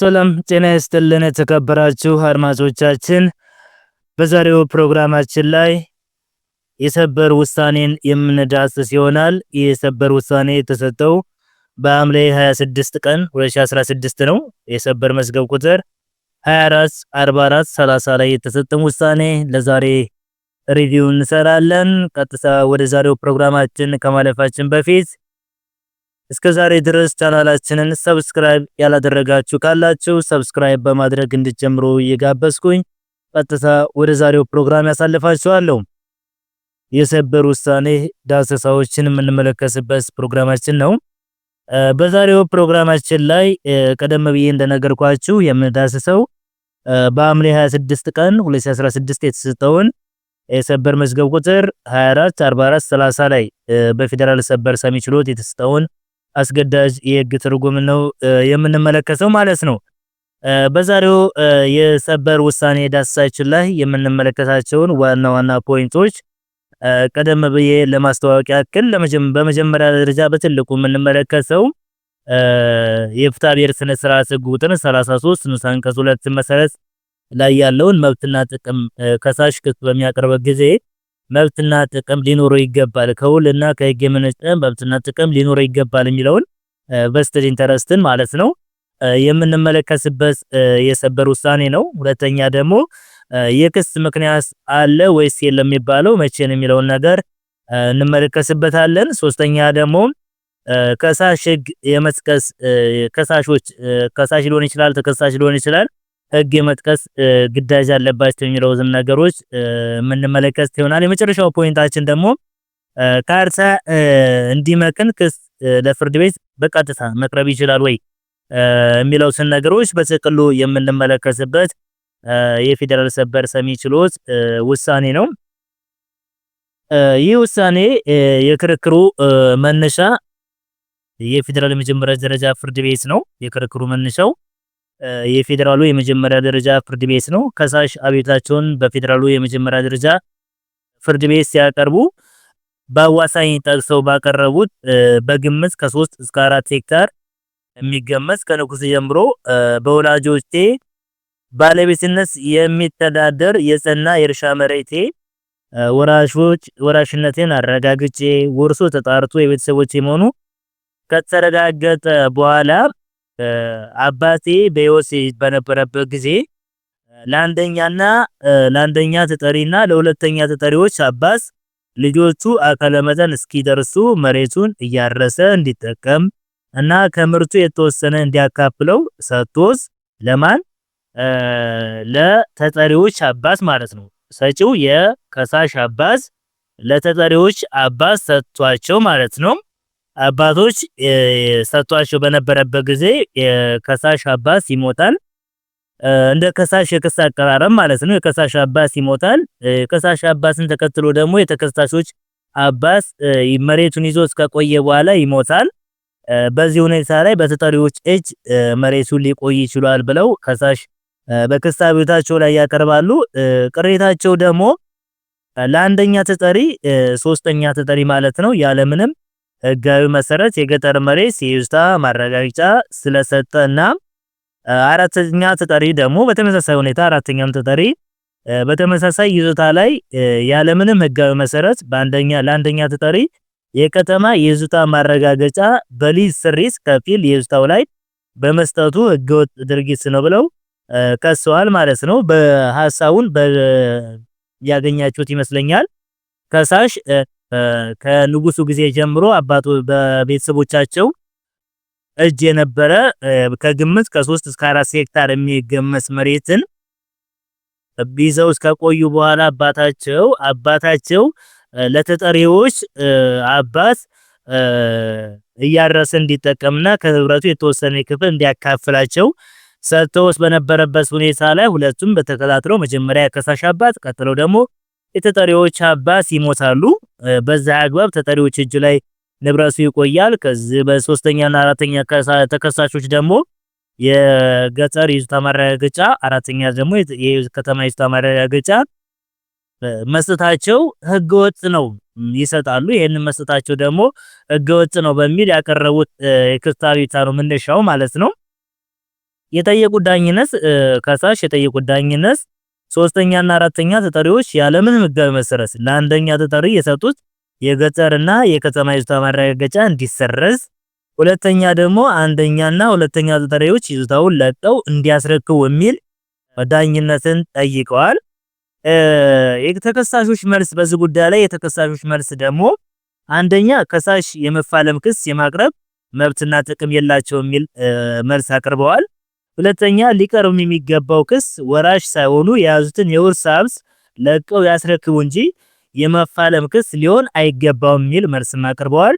ሰላም ጤና ይስጥልን የተከበራችሁ አድማጮቻችን፣ በዛሬው ፕሮግራማችን ላይ የሰበር ውሳኔን የምንዳስስ ይሆናል። ይህ የሰበር ውሳኔ የተሰጠው በሐምሌ 26 ቀን 2016 ነው። የሰበር መዝገብ ቁጥር 24 44 30 ላይ የተሰጠን ውሳኔ ለዛሬ ሪቪው እንሰራለን። ቀጥታ ወደ ዛሬው ፕሮግራማችን ከማለፋችን በፊት እስከ ዛሬ ድረስ ቻናላችንን ሰብስክራይብ ያላደረጋችሁ ካላችሁ ሰብስክራይብ በማድረግ እንድትጀምሩ እየጋበዝኩኝ ቀጥታ ወደ ዛሬው ፕሮግራም ያሳልፋችኋለሁ። የሰበር ውሳኔ ዳሰሳዎችን የምንመለከትበት ፕሮግራማችን ነው። በዛሬው ፕሮግራማችን ላይ ቀደም ብዬ እንደነገርኳችሁ የምንዳሰሰው በሐምሌ 26 ቀን 2016 የተሰጠውን የሰበር መዝገብ ቁጥር 24 44 30 ላይ በፌዴራል ሰበር ሰሚ ችሎት የተሰጠውን አስገዳጅ የህግ ትርጉም ነው የምንመለከተው ማለት ነው። በዛሬው የሰበር ውሳኔ ዳሳችን ላይ የምንመለከታቸውን ዋና ዋና ፖይንቶች ቀደም ብዬ ለማስተዋወቅ ያክል በመጀመሪያ ደረጃ በትልቁ የምንመለከተው የፍትሐ ስነ ስርዓት ህግ ቁጥር 33 ንዑስ አንቀጽ ሁለት መሰረት ላይ ያለውን መብትና ጥቅም ከሳሽ ክስ በሚያቀርበት ጊዜ መብትና ጥቅም ሊኖረው ይገባል፣ ከውልና እና ከህግ የመነጨ መብትና ጥቅም ሊኖረው ይገባል የሚለውን ቨስትድ ኢንተረስትን ማለት ነው የምንመለከትበት የሰበር ውሳኔ ነው። ሁለተኛ ደግሞ የክስ ምክንያት አለ ወይስ የለም የሚባለው መቼ የሚለውን ነገር እንመለከትበታለን። ሶስተኛ ደግሞ ከሳሽ ህግ የመጥቀስ ከሳሾች ከሳሽ ሊሆን ይችላል፣ ተከሳሽ ሊሆን ይችላል ህግ የመጥቀስ ግዳጅ አለባቸው ዝም ነገሮች የምንመለከት ይሆናል። የመጨረሻው ፖይንታችን ደግሞ ካርታ እንዲመክን ክስ ለፍርድ ቤት በቀጥታ መቅረብ ይችላል ወይ የሚለውን ነገሮች በጥቅሉ የምንመለከትበት የፌዴራል ሰበር ሰሚ ችሎት ውሳኔ ነው። ይህ ውሳኔ የክርክሩ መነሻ የፌዴራል የመጀመሪያ ደረጃ ፍርድ ቤት ነው። የክርክሩ መነሻው የፌዴራሉ የመጀመሪያ ደረጃ ፍርድ ቤት ነው። ከሳሽ አቤታቸውን በፌዴራሉ የመጀመሪያ ደረጃ ፍርድ ቤት ሲያቀርቡ በአዋሳኝ ጠቅሰው ባቀረቡት በግምት ከ3 እስከ 4 ሄክታር የሚገመት ከንጉስ ጀምሮ በወላጆቼ ባለቤትነት የሚተዳደር የጸና የእርሻ መሬቴ ወራሾች ወራሽነቴን አረጋግጬ ውርሱ ተጣርቶ የቤተሰቦቼ መሆኑ ከተረጋገጠ በኋላ አባቴ በህይወት በነበረበት ጊዜ ለአንደኛና ለአንደኛ ተጠሪና ለሁለተኛ ተጠሪዎች አባስ ልጆቹ አካለ መጠን እስኪደርሱ መሬቱን እያረሰ እንዲጠቀም እና ከምርቱ የተወሰነ እንዲያካፍለው ሰጥቶስ ለማን ለተጠሪዎች አባስ ማለት ነው። ሰጪው የከሳሽ አባስ ለተጠሪዎች አባስ ሰጥቷቸው ማለት ነው። አባቶች ሰጥቷቸው በነበረበት ጊዜ የከሳሽ አባት ይሞታል። እንደ ከሳሽ የክስ አቀራረብ ማለት ነው። የከሳሽ አባት ይሞታል። የከሳሽ አባትን ተከትሎ ደግሞ የተከሳሾች አባት መሬቱን ይዞ እስከቆየ በኋላ ይሞታል። በዚህ ሁኔታ ላይ በተጠሪዎች እጅ መሬቱን ሊቆይ ይችላል ብለው ከሳሽ በክስ አቤቱታቸው ላይ ያቀርባሉ። ቅሬታቸው ደግሞ ለአንደኛ ተጠሪ ሶስተኛ ተጠሪ ማለት ነው ያለምንም ህጋዊ መሰረት የገጠር መሬት የይዞታ ማረጋገጫ ስለሰጠና አራተኛ ተጠሪ ደግሞ በተመሳሳይ ሁኔታ አራተኛም ተጠሪ በተመሳሳይ ይዞታ ላይ ያለምንም ህጋዊ መሰረት በአንደኛ ለአንደኛ ተጠሪ የከተማ የይዞታ ማረጋገጫ በሊዝ ስሪት ከፊል ይዞታው ላይ በመስጠቱ ህገወጥ ድርጊት ነው ብለው ከሰዋል ማለት ነው። በሀሳቡን ያገኛችሁት ይመስለኛል ከሳሽ ከንጉሱ ጊዜ ጀምሮ አባቱ በቤተሰቦቻቸው እጅ የነበረ ከግምት ከ3 እስከ 4 ሄክታር የሚገመስ መሬትን ቢዘው ከቆዩ በኋላ አባታቸው አባታቸው ለተጠሪዎች አባት እያረሰ እንዲጠቀምና ከህብረቱ የተወሰነ ክፍል እንዲያካፍላቸው ሰጥተውስ በነበረበት ሁኔታ ላይ ሁለቱም በተከታትለው መጀመሪያ ከሳሽ አባት ቀጥለው ደግሞ የተጠሪዎች አባት ይሞታሉ። በዛ አግባብ ተጠሪዎች እጅ ላይ ንብረቱ ይቆያል። ከዚህ በሶስተኛና አራተኛ ተከሳሾች ደግሞ የገጠር ይዞታ ማረጋገጫ፣ አራተኛ ደግሞ የከተማ ይዞታ ማረጋገጫ መስጠታቸው ህገወጥ ነው ይሰጣሉ። ይህንን መስጠታቸው ደግሞ ህገወጥ ነው በሚል ያቀረቡት የክስ አቤቱታ ነው መነሻው ማለት ነው። የጠየቁት ዳኝነት ከሳሽ የጠየቁት ዳኝነት ሶስተኛና አራተኛ ተጠሪዎች ያለምን ሕጋዊ መሰረት ለአንደኛ ተጠሪ የሰጡት የገጠርና የከተማ ይዞታ ማረጋገጫ እንዲሰረዝ፣ ሁለተኛ ደግሞ አንደኛና ሁለተኛ ተጠሪዎች ይዞታውን ለቀው እንዲያስረክቡ የሚል ዳኝነትን ጠይቀዋል። የተከሳሾች መልስ በዚህ ጉዳይ ላይ የተከሳሾች መልስ ደግሞ አንደኛ ከሳሽ የመፋለም ክስ የማቅረብ መብትና ጥቅም የላቸው የሚል መልስ አቅርበዋል። ሁለተኛ ሊቀርም የሚገባው ክስ ወራሽ ሳይሆኑ የያዙትን የውርስ ሀብት ለቀው ያስረክቡ እንጂ የመፋለም ክስ ሊሆን አይገባውም የሚል መልስ አቅርበዋል።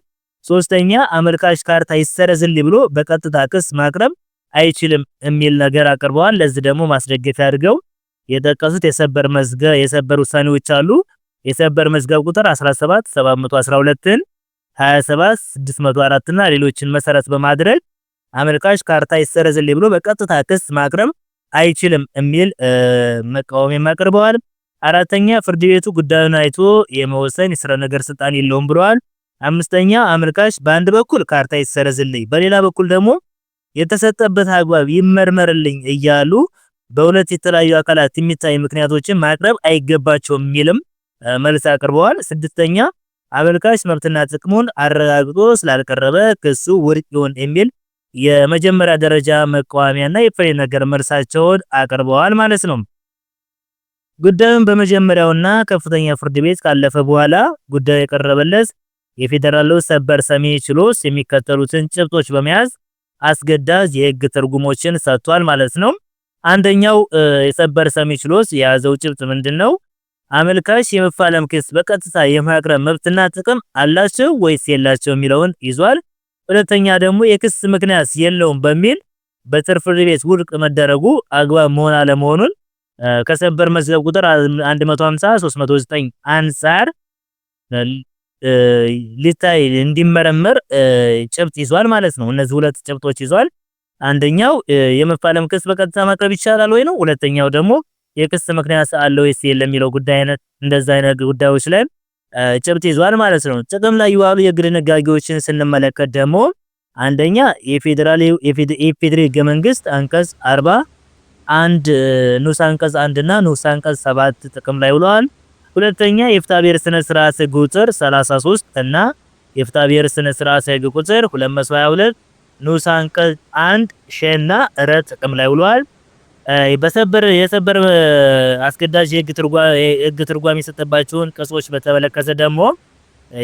ሶስተኛ አመልካች ካርታ ይሰረዝልኝ ብሎ በቀጥታ ክስ ማቅረብ አይችልም የሚል ነገር አቅርበዋል። ለዚህ ደግሞ ማስደገፊያ አድርገው የጠቀሱት የሰበር መዝገብ የሰበር ውሳኔዎች አሉ። የሰበር መዝገብ ቁጥር 17 712 27 604 እና ሌሎችን መሰረት በማድረግ አመልካች ካርታ ይሰረዝልኝ ብሎ በቀጥታ ክስ ማቅረብ አይችልም የሚል መቃወሚያ አቅርበዋል። አራተኛ ፍርድ ቤቱ ጉዳዩን አይቶ የመወሰን የስረ ነገር ስልጣን የለውም ብለዋል። አምስተኛ አመልካች በአንድ በኩል ካርታ ይሰረዝልኝ፣ በሌላ በኩል ደግሞ የተሰጠበት አግባብ ይመርመርልኝ እያሉ በሁለት የተለያዩ አካላት የሚታይ ምክንያቶችን ማቅረብ አይገባቸውም የሚልም መልስ አቅርበዋል። ስድስተኛ አመልካች መብትና ጥቅሙን አረጋግጦ ስላልቀረበ ክሱ ውድቅ ይሁን የሚል የመጀመሪያ ደረጃ መቃወሚያና የፍሬ ነገር መልሳቸውን አቅርበዋል ማለት ነው። ጉዳዩን በመጀመሪያውና ከፍተኛ ፍርድ ቤት ካለፈ በኋላ ጉዳዩ የቀረበለት የፌዴራሉ ሰበር ሰሚ ችሎት የሚከተሉትን ጭብጦች በመያዝ አስገዳጅ የህግ ትርጉሞችን ሰጥቷል ማለት ነው። አንደኛው የሰበር ሰሚ ችሎት የያዘው ጭብጥ ምንድነው? አመልካች የመፋለም ክስ በቀጥታ የማቅረብ መብትና ጥቅም አላቸው ወይስ የላቸው የሚለውን ይዟል። ሁለተኛ ደግሞ የክስ ምክንያት የለውም በሚል በጥር ፍርድ ቤት ውድቅ መደረጉ አግባብ መሆን አለመሆኑን ከሰበር መዝገብ ቁጥር 150 309 አንጻር ሊታይ እንዲመረመር ጭብጥ ይዟል ማለት ነው። እነዚህ ሁለት ጭብጦች ይዟል። አንደኛው የመፋለም ክስ በቀጥታ ማቅረብ ይቻላል ወይ ነው። ሁለተኛው ደግሞ የክስ ምክንያት አለ ወይስ የለም የሚለው ጉዳይ አይነት እንደዛ አይነት ጉዳዮች ላይ ጭብጥ ይዟል ማለት ነው። ጥቅም ላይ የዋሉ የግል ነጋዴዎችን ስንመለከት ደግሞ አንደኛ የፌዴራል የፌዴሪ ህገ መንግስት አንቀጽ 40 አንድ ንዑስ አንቀጽ 1 እና ንዑስ አንቀጽ 7 ጥቅም ላይ ውለዋል። ሁለተኛ የፍትሐብሔር ስነ ስርዓት ህግ ቁጥር 33 እና የፍትሐብሔር ስነ ስርዓት ህግ ቁጥር 222 ንዑስ አንቀጽ 1 ሸና ረ ጥቅም ላይ ውለዋል። በሰበር የሰበር አስገዳጅ የህግ ትርጓሜ የህግ ትርጓሜ የሰጠባቸውን ቅጾች በተመለከተ ደግሞ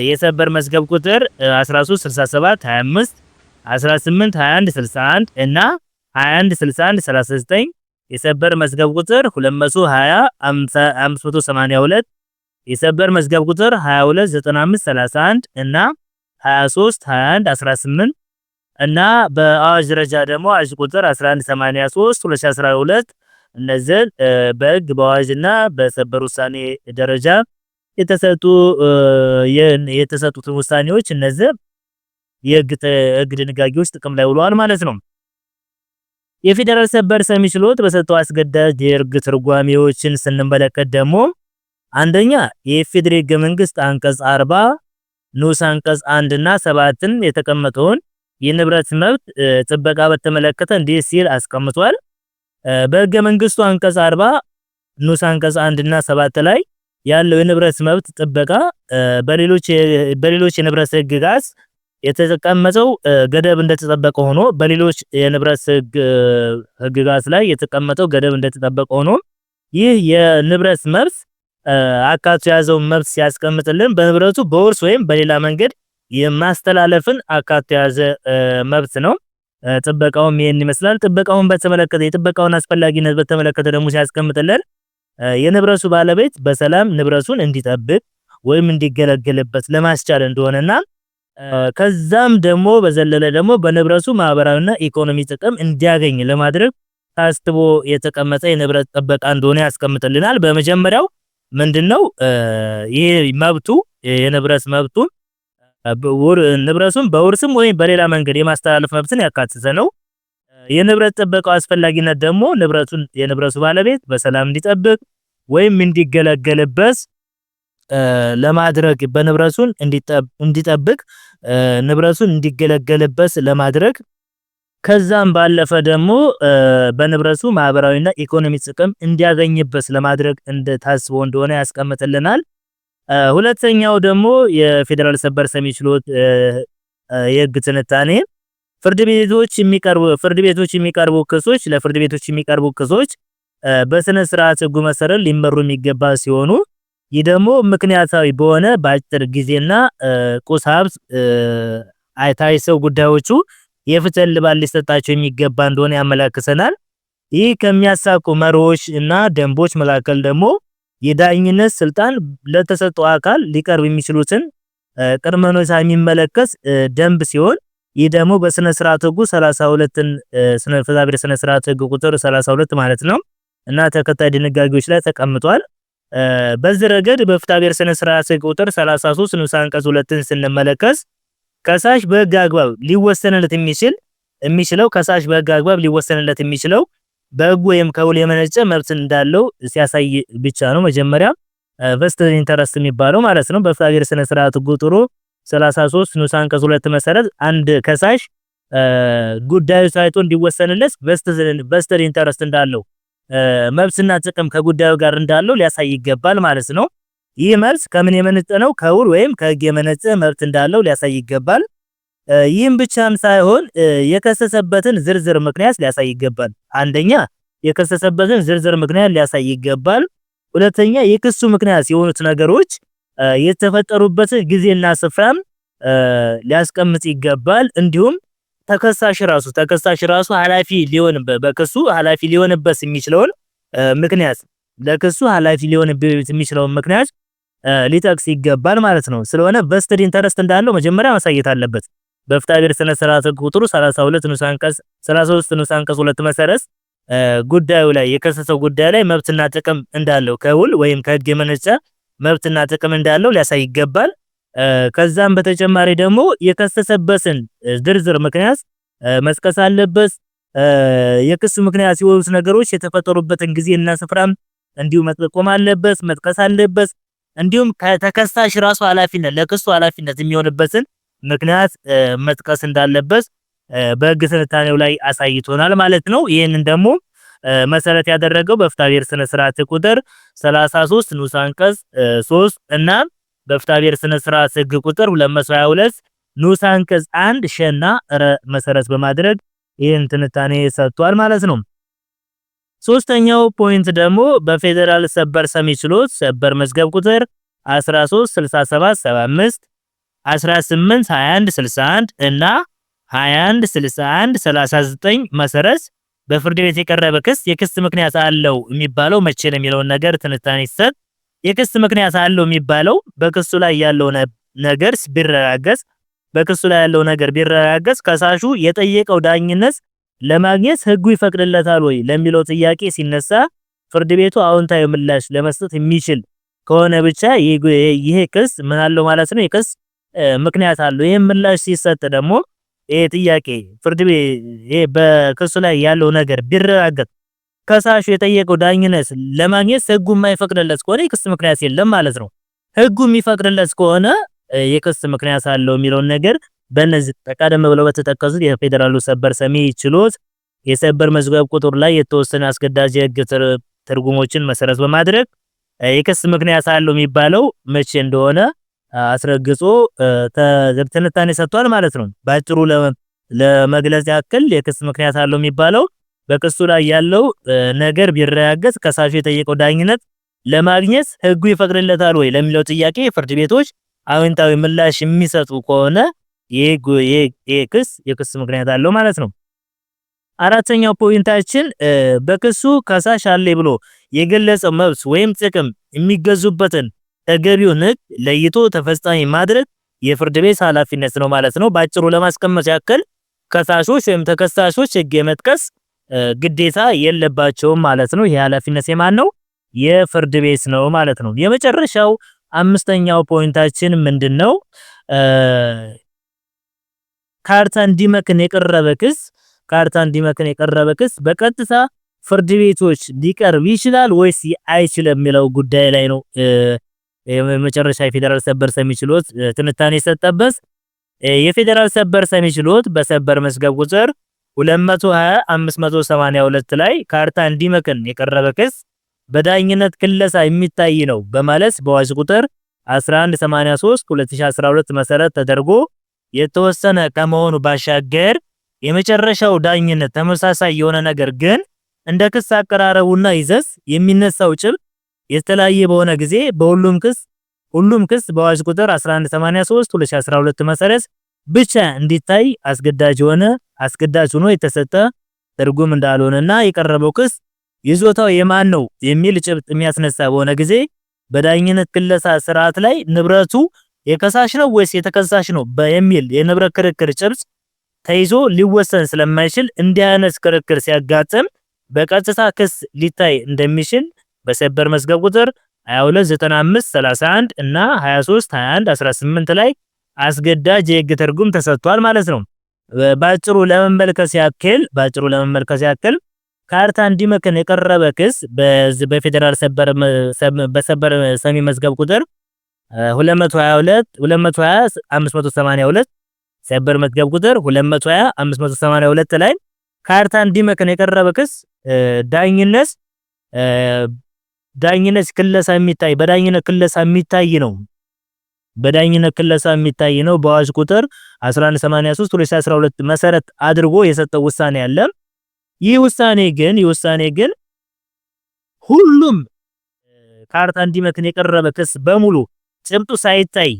የሰበር መዝገብ ቁጥር 13 67 25 18 21 61 እና 21 61 39 የሰበር መዝገብ ቁጥር 220 582 የሰበር መዝገብ ቁጥር 22 95 31 እና 23 21 18 እና በአዋጅ ደረጃ ደግሞ አዋጅ ቁጥር 1183 2012 እነዚህን በህግ በአዋጅና በሰበር ውሳኔ ደረጃ የተሰጡ የተሰጡትን ውሳኔዎች እነዚህ የህግ ድንጋጌዎች ጥቅም ላይ ውለዋል ማለት ነው። የፌዴራል ሰበር ሰሚ ችሎት በሰጠው አስገዳጅ የህግ ትርጓሜዎችን ስንመለከት ደግሞ አንደኛ የኢፌዴሪ ህገ መንግስት አንቀጽ 40 ንዑስ አንቀጽ 1 እና 7ን የተቀመጠውን የንብረት መብት ጥበቃ በተመለከተ እንዲህ ሲል አስቀምጧል። በህገ መንግስቱ አንቀጽ 40 ንዑስ አንቀጽ 1 እና 7 ላይ ያለው የንብረት መብት ጥበቃ በሌሎች በሌሎች የንብረት ጋስ የተቀመጠው ገደብ እንደተጠበቀ ሆኖ በሌሎች የንብረት ህግጋት ላይ የተቀመጠው ገደብ እንደተጠበቀ ሆኖ ይህ የንብረት መብት አካቱ የያዘውን መብት ሲያስቀምጥልን በንብረቱ በውርስ ወይም በሌላ መንገድ የማስተላለፍን አካቶ የያዘ መብት ነው። ጥበቃውም ይህን ይመስላል። ጥበቃውን በተመለከተ የጥበቃውን አስፈላጊነት በተመለከተ ደግሞ ሲያስቀምጥልን የንብረቱ ባለቤት በሰላም ንብረቱን እንዲጠብቅ ወይም እንዲገለገልበት ለማስቻል እንደሆነና ከዛም ደግሞ በዘለለ ደግሞ በንብረቱ ማህበራዊና ኢኮኖሚ ጥቅም እንዲያገኝ ለማድረግ ታስቦ የተቀመጠ የንብረት ጥበቃ እንደሆነ ያስቀምጥልናል። በመጀመሪያው ምንድነው ይሄ መብቱ የንብረት መብቱ ንብረቱን በውርስም ወይም በሌላ መንገድ የማስተላለፍ መብትን ያካተተ ነው። የንብረት ጥበቃው አስፈላጊነት ደግሞ ንብረቱን የንብረቱ ባለቤት በሰላም እንዲጠብቅ ወይም እንዲገለገልበት ለማድረግ በንብረቱን እንዲጠብቅ ንብረቱን እንዲገለገልበት ለማድረግ ከዛም ባለፈ ደግሞ በንብረቱ ማህበራዊና ኢኮኖሚ ጥቅም እንዲያገኝበት ለማድረግ ታስቦ እንደሆነ ያስቀምጥልናል። ሁለተኛው ደግሞ የፌዴራል ሰበር ሰሚ ችሎት የህግ ትንታኔ ፍርድ ቤቶች የሚቀርቡ ፍርድ ቤቶች የሚቀርቡ ክሶች ለፍርድ ቤቶች የሚቀርቡ ክሶች በስነ ስርዓት ህጉ መሰረት ሊመሩ የሚገባ ሲሆኑ ይህ ደግሞ ምክንያታዊ በሆነ በአጭር ጊዜና ቁስ ሀብት አይታይሰው ጉዳዮቹ የፍትህ ልባል ሊሰጣቸው የሚገባ እንደሆነ ያመላክተናል። ይህ ከሚያሳቁ መርሆች እና ደንቦች መካከል ደግሞ የዳኝነት ስልጣን ለተሰጠው አካል ሊቀርብ የሚችሉትን ቅድመ ሁኔታ የሚመለከት ደንብ ሲሆን ይህ ደግሞ በስነ ስርዓት ህጉ 32ን ስነ ፍትሐብሔር ስነ ስርዓት ህግ ቁጥር 32 ማለት ነው እና ተከታይ ድንጋጌዎች ላይ ተቀምጧል። በዚህ ረገድ በፍትሐብሔር ስነ ስርዓት ህግ ቁጥር 33 ንዑስ አንቀጽ 2ን ስንመለከት ከሳሽ በህግ አግባብ ሊወሰንለት የሚችል የሚችለው ከሳሽ በህግ አግባብ ሊወሰንለት የሚችለው በህግ ወይም ከውል የመነጨ መብት እንዳለው ሲያሳይ ብቻ ነው። መጀመሪያ ቨስትድ ኢንተረስት የሚባለው ማለት ነው። በፍትሐብሔር ስነ ስርዓት ህግ ቁጥሩ 33 ንዑስ አንቀጽ 2 መሰረት አንድ ከሳሽ ጉዳዩ ታይቶ እንዲወሰንለት ቨስትድ ኢንተረስት እንዳለው መብትና ጥቅም ከጉዳዩ ጋር እንዳለው ሊያሳይ ይገባል ማለት ነው። ይህ መብት ከምን የመነጨ ነው? ከውል ወይም ከህግ የመነጨ መብት እንዳለው ሊያሳይ ይገባል። ይህም ብቻም ሳይሆን የከሰሰበትን ዝርዝር ምክንያት ሊያሳይ ይገባል። አንደኛ የከሰሰበትን ዝርዝር ምክንያት ሊያሳይ ይገባል። ሁለተኛ የክሱ ምክንያት የሆኑት ነገሮች የተፈጠሩበትን ጊዜና ስፍራም ሊያስቀምጥ ይገባል። እንዲሁም ተከሳሽ ራሱ ተከሳሽ ራሱ ኃላፊ ሊሆንበት በክሱ ኃላፊ ሊሆንበት የሚችለውን ምክንያት ለክሱ ኃላፊ ሊሆንበት የሚችለውን ምክንያት ሊጠቅስ ይገባል ማለት ነው። ስለሆነ በስትድ ኢንተረስት እንዳለው መጀመሪያ ማሳየት አለበት። በፍትሐብሔር ስነ ስርዓት ሕግ ቁጥሩ 32 ንዑስ አንቀጽ 33 ንዑስ አንቀጽ 2 መሰረት ጉዳዩ ላይ የከሰሰው ጉዳይ ላይ መብትና ጥቅም እንዳለው ከውል ወይም ከህግ የመነጨ መብትና ጥቅም እንዳለው ሊያሳይ ይገባል። ከዛም በተጨማሪ ደግሞ የከሰሰበትን ዝርዝር ምክንያት መስቀስ አለበት። የክስ ምክንያት የሆኑት ነገሮች የተፈጠሩበትን ጊዜ እና ስፍራም እንዲሁ መጠቆም አለበት፣ መጥቀስ አለበት። እንዲሁም ከተከሳሽ ራሱ ኃላፊነት ለክሱ ኃላፊነት የሚሆንበትን ምክንያት መጥቀስ እንዳለበት በህግ ትንታኔው ላይ አሳይቶናል ማለት ነው። ይህንን ደግሞ መሰረት ያደረገው በፍትሐብሔር ስነ ስርዓት ቁጥር 33 ንዑስ አንቀጽ 3 እና በፍትሐብሔር ስነ ስርዓት ህግ ቁጥር 222 ንዑስ አንቀጽ 1 ሸና ረ መሰረት በማድረግ ይህን ትንታኔ ሰጥቷል ማለት ነው። ሶስተኛው ፖይንት ደግሞ በፌዴራል ሰበር ሰሚ ችሎት ሰበር መዝገብ ቁጥር 75 18 21 61 እና 21 61 39 መሰረት በፍርድ ቤት የቀረበ ክስ የክስ ምክንያት አለው የሚባለው መቼ ነው የሚለውን ነገር ትንታኔ ሲሰጥ የክስ ምክንያት አለው የሚባለው በክሱ ላይ ያለው ነገር ቢረጋገጽ በክሱ ላይ ያለው ነገር ቢረጋገጽ ከሳሹ የጠየቀው ዳኝነት ለማግኘት ህጉ ይፈቅድለታል ወይ ለሚለው ጥያቄ ሲነሳ ፍርድ ቤቱ አዎንታዊ ምላሽ ለመስጠት የሚችል ከሆነ ብቻ ይሄ ክስ ምን አለው ማለት ነው የክስ ምክንያት አለው። ይህም ምላሽ ሲሰጥ ደግሞ ይሄ ጥያቄ ፍርድ ቤት ይሄ በክሱ ላይ ያለው ነገር ቢረጋገጥ ከሳሹ የጠየቀው ዳኝነት ለማግኘት ህጉ የማይፈቅድለት ከሆነ የክስ ምክንያት የለም ማለት ነው። ህጉ የሚፈቅድለት ከሆነ የክስ ምክንያት አለው የሚለውን ነገር በእነዚህ ቀደም ብለው በተጠቀሱት የፌዴራሉ ሰበር ሰሚ ችሎት የሰበር መዝገብ ቁጥር ላይ የተወሰነ አስገዳጅ የህግ ትርጉሞችን መሰረት በማድረግ የክስ ምክንያት አለው የሚባለው መቼ እንደሆነ አስረግጾ ትንታኔ ሰጥቷል ማለት ነው። ባጭሩ ለመግለጽ ያክል የክስ ምክንያት አለው የሚባለው በክሱ ላይ ያለው ነገር ቢረጋገጥ ከሳሹ የጠየቀው ዳኝነት ለማግኘት ህጉ ይፈቅድለታል ወይ ለሚለው ጥያቄ ፍርድ ቤቶች አዎንታዊ ምላሽ የሚሰጡ ከሆነ የክስ የክስ ምክንያት አለው ማለት ነው። አራተኛው ፖይንታችን በክሱ ከሳሽ አለ ብሎ የገለጸው መብት ወይም ጥቅም የሚገዙበትን ተገቢውን ህግ ለይቶ ተፈጻሚ ማድረግ የፍርድ ቤት ኃላፊነት ነው ማለት ነው። ባጭሩ ለማስቀመጥ ያክል ከሳሾች ወይም ተከሳሾች ህግ የመጥቀስ ግዴታ የለባቸውም ማለት ነው። ይህ ኃላፊነት የማን ነው? የፍርድ ቤት ነው ማለት ነው። የመጨረሻው አምስተኛው ፖይንታችን ምንድነው? ካርታን ዲመክን የቀረበ ክስ ካርታ እንዲመክን የቀረበ ክስ በቀጥታ ፍርድ ቤቶች ሊቀርብ ይችላል ወይስ አይችልም የሚለው ጉዳይ ላይ ነው የመጨረሻ የፌዴራል ሰበር ሰሚ ችሎት ትንታኔ የሰጠበት የፌዴራል ሰበር ሰሚ ችሎት በሰበር መዝገብ ቁጥር 220582 ላይ ካርታ እንዲመክን የቀረበ ክስ በዳኝነት ክለሳ የሚታይ ነው በማለት በአዋጅ ቁጥር 1183 2012 መሰረት ተደርጎ የተወሰነ ከመሆኑ ባሻገር የመጨረሻው ዳኝነት ተመሳሳይ የሆነ ነገር ግን እንደ ክስ አቀራረቡና ይዘት የሚነሳው ጭብጥ የተለያየ በሆነ ጊዜ በሁሉም ክስ ሁሉም ክስ በአዋጅ ቁጥር 1183 2012 መሰረት ብቻ እንዲታይ አስገዳጅ ሆነ አስገዳጅ ሆኖ የተሰጠ ትርጉም እንዳልሆነና የቀረበው ክስ ይዞታው የማን ነው የሚል ጭብጥ የሚያስነሳ በሆነ ጊዜ በዳኝነት ክለሳ ስርዓት ላይ ንብረቱ የከሳሽ ነው ወይስ የተከሳሽ ነው በሚል የንብረት ክርክር ጭብጥ ተይዞ ሊወሰን ስለማይችል እንዲህ አይነት ክርክር ሲያጋጥም በቀጥታ ክስ ሊታይ እንደሚችል በሰበር መዝገብ ቁጥር 229531 እና 232118 ላይ አስገዳጅ የህግ ትርጉም ተሰጥቷል ማለት ነው። ባጭሩ ለመመልከት ያክል ባጭሩ ለመመልከት ያክል ካርታ እንዲመክን የቀረበ ክስ በፌደራል ሰበር በሰበር ሰሚ መዝገብ ቁጥር 222 582 ሰበር መዝገብ ቁጥር 582 ላይ ካርታ እንዲመክን የቀረበ ክስ ዳኝነት ዳኝነት ክለሳ የሚታይ በዳኝነት ክለሳ የሚታይ ነው። በዳኝነት ክለሳ የሚታይ ነው። በአዋጅ ቁጥር 1183 2012 መሰረት አድርጎ የሰጠው ውሳኔ አለ። ይህ ውሳኔ ግን ይህ ውሳኔ ግን ሁሉም ካርታ እንዲመክን የቀረበ ክስ በሙሉ ጭምጡ ሳይታይ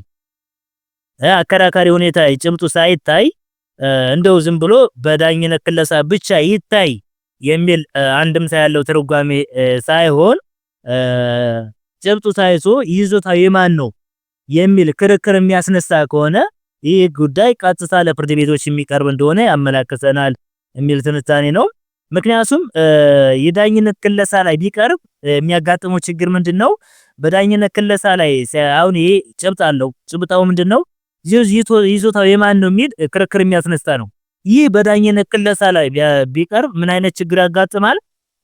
አከራካሪ ሁኔታ ጭምጡ ሳይታይ እንደው ዝም ብሎ በዳኝነት ክለሳ ብቻ ይታይ የሚል አንድምታ ያለው ትርጓሜ ሳይሆን ጭብጡ ታይቶ ይዞታ የማን ነው የሚል ክርክር የሚያስነሳ ከሆነ ይህ ጉዳይ ቀጥታ ለፍርድ ቤቶች የሚቀርብ እንደሆነ ያመላክተናል የሚል ትንታኔ ነው። ምክንያቱም የዳኝነት ክለሳ ላይ ቢቀርብ የሚያጋጥመው ችግር ምንድን ነው? በዳኝነት ክለሳ ላይ አሁን ይሄ ጭብጥ አለው። ጭብጣው ምንድን ነው? ይዞታው የማን ነው የሚል ክርክር የሚያስነሳ ነው። ይህ በዳኝነት ክለሳ ላይ ቢቀርብ ምን አይነት ችግር ያጋጥማል?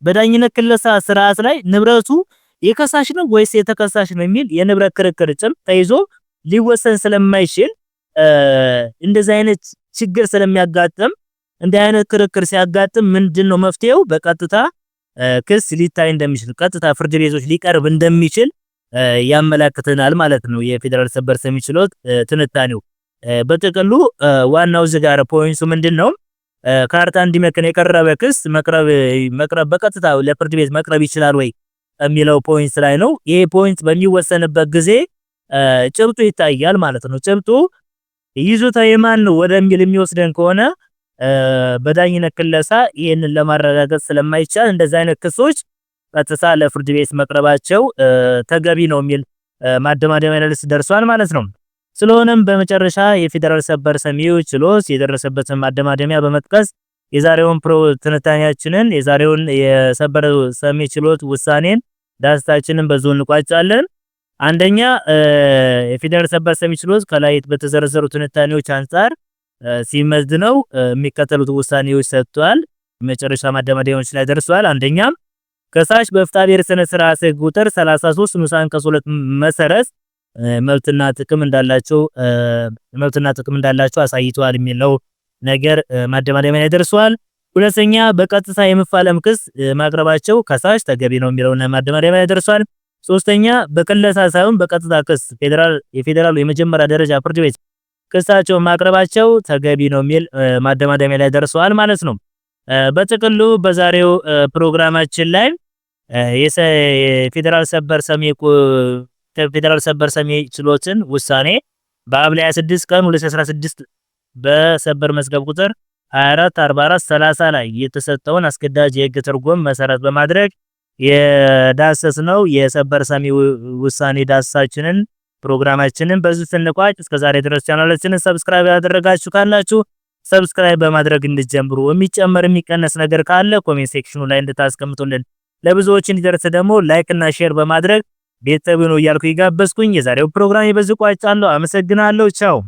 በዳኝነት ክለሳ ስርዓት ላይ ንብረቱ የከሳሽ ነው ወይስ የተከሳሽ ነው የሚል የንብረት ክርክር ጭምር ተይዞ ሊወሰን ስለማይችል እንደዚህ አይነት ችግር ስለሚያጋጥም እንዲህ አይነት ክርክር ሲያጋጥም ምንድን ነው መፍትሄው? በቀጥታ ክስ ሊታይ እንደሚችል ቀጥታ ፍርድ ቤቶች ሊቀርብ እንደሚችል ያመላክተናል ማለት ነው። የፌዴራል ሰበር ሰሚ ችሎት ትንታኔው በጥቅሉ ዋናው እዚህ ፖይንቱ ምንድን ነው? ካርታ እንዲመክን የቀረበ ክስ መቅረብ መቅረብ በቀጥታ ለፍርድ ቤት መቅረብ ይችላል ወይ የሚለው ፖይንት ላይ ነው። ይሄ ፖይንት በሚወሰንበት ጊዜ ጭብጡ ይታያል ማለት ነው። ጭብጡ ይዞታ የማን ነው ወደሚል የሚወስደን ከሆነ በዳኝነት ክለሳ ይህንን ለማረጋገጥ ስለማይቻል እንደዚህ አይነት ክሶች ቀጥታ ለፍርድ ቤት መቅረባቸው ተገቢ ነው የሚል ማደማደሚያ ደርሷል ማለት ነው። ስለሆነም በመጨረሻ የፌዴራል ሰበር ሰሚው ችሎት የደረሰበትን ማደማደሚያ በመጥቀስ የዛሬውን ፕሮ ትንታኔያችንን የዛሬውን የሰበር ሰሚ ችሎት ውሳኔን ዳስታችንን በዚሁ እንቋጫለን። አንደኛ የፌዴራል ሰበር ሰሚ ችሎት ከላይ በተዘረዘሩ ትንታኔዎች አንጻር ሲመዝነው የሚከተሉት ውሳኔዎች ሰጥቷል። መጨረሻ ማደማደሚያዎች ላይ ደርሷል። አንደኛም ከሳሽ በፍትሐ ብሔር ስነ ስርዓት ሕግ ቁጥር 33 ንዑስ አንቀጽ 2 መሰረት መብትና ጥቅም እንዳላቸው መብትና ጥቅም እንዳላቸው አሳይተዋል የሚለው ነገር ማደማደሚያ ላይ ደርሷል። ሁለተኛ በቀጥታ የመፋለም ክስ ማቅረባቸው ከሳሽ ተገቢ ነው የሚለው ማደማደሚያ ላይ ደርሷል። ሶስተኛ በቅለሳ ሳይሆን በቀጥታ ክስ ፌዴራል የፌዴራሉ የመጀመሪያ ደረጃ ፍርድ ቤት ክሳቸውን ማቅረባቸው ተገቢ ነው የሚል ማደማደሚያ ላይ ደርሷል ማለት ነው። በጥቅሉ በዛሬው ፕሮግራማችን ላይ የፌዴራል ሰበር ሰሚ ከፌደራል ሰበር ሰሚ ችሎትን ውሳኔ በአብ 26 ቀን 2016 በሰበር መዝገብ ቁጥር 24 44 30 ላይ የተሰጠውን አስገዳጅ የህግ ትርጉም መሰረት በማድረግ የዳሰስ ነው። የሰበር ሰሚ ውሳኔ ዳሳችንን ፕሮግራማችንን በዚህ ስንቋጭ እስከዛሬ ድረስ ቻናላችንን ሰብስክራይብ ያደረጋችሁ ካላችሁ ሰብስክራይብ በማድረግ እንድትጀምሩ፣ የሚጨመር የሚቀነስ ነገር ካለ ኮሜንት ሴክሽኑ ላይ እንድታስቀምጡልን፣ ለብዙዎች እንዲደርስ ደግሞ ላይክ እና ሼር በማድረግ ቤተሰብ ነው እያልኩ የጋበዝኩኝ የዛሬው ፕሮግራም የበዚህ አመሰግናለሁ። ቻው